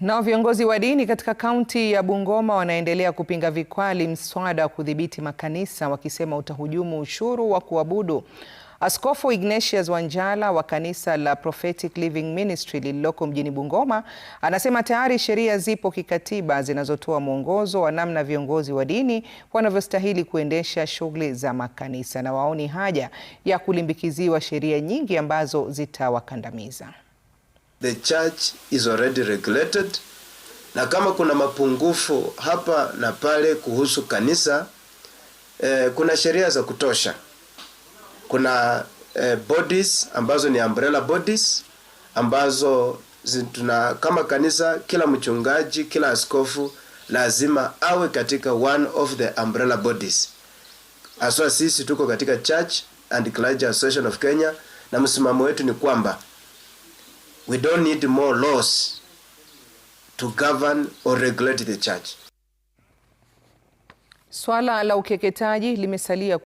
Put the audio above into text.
Nao viongozi wa dini katika kaunti ya Bungoma wanaendelea kupinga vikali mswada wa kudhibiti makanisa wakisema utahujumu ushuru wa kuabudu. Askofu Ignatius Wanjala wa kanisa la Prophetic Living Ministry lililoko mjini Bungoma anasema tayari sheria zipo kikatiba zinazotoa mwongozo wa namna viongozi wa dini wanavyostahili kuendesha shughuli za makanisa na waoni haja ya kulimbikiziwa sheria nyingi ambazo zitawakandamiza the church is already regulated, na kama kuna mapungufu hapa na pale kuhusu kanisa eh, kuna sheria za kutosha. Kuna eh, bodies ambazo ni umbrella bodies ambazo zituna, kama kanisa, kila mchungaji, kila askofu lazima awe katika one of the umbrella bodies. Aswa sisi tuko katika Church and Clergy Association of Kenya, na msimamo wetu ni kwamba We don't need more laws to govern or regulate the church. Swala la ukeketaji limesalia